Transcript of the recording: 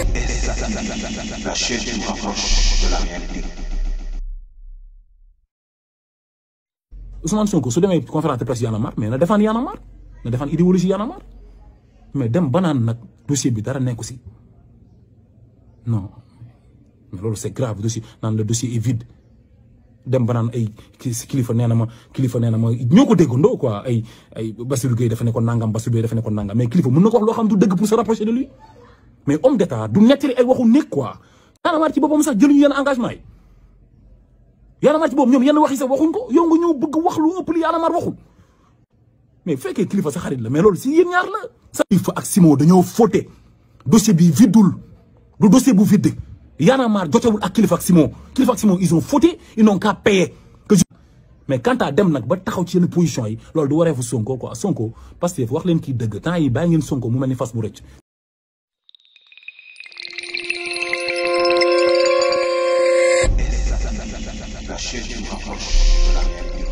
SATV, la chaîne qui rapproche su demee conférence de presse Y'en mais na defaan Y'en a marre na défendre idéologie Y'en a mais dem ba naan nag dossier bi dara nekku si non mais loolu c'est grave dossier naan le dossier est dem ba ay kilifa nee na ma kilifa nee na ñoo ko déggandoo quoi ay ay Bassirou Gueye dafa ne ko nangam Bassirou Gueye dafa ko nangam mais kilifa mën na ko wax loo xam du dëgg pour se rapprocher de lui. mais homme d'état du netter ay waxu nek quoi yaanamaar ci bobu sax jëluñu yenn engagement yi yaanamaar ci boobu ñoom yenn wax sax waxuñ ko yow nga bëgg wax lu ëpp li waxul mais féké que kilifa sax xarit la mais loolu si yéen ñaar la il kilifa ak Simo dañoo fóote dossier bi vidul du dossier bu vidde yaanamaar jotewul ak kilifa ak Simo kilifa ak Simo ils ont fauté ils n'ont qu'à payer mais quand à dem Nak ba taxaw ci yenn position yi loolu du wareefu Sonko quoi Sonko parce que wax leen kii tu yi ngeen Sonko mu fas bu が集中力を取る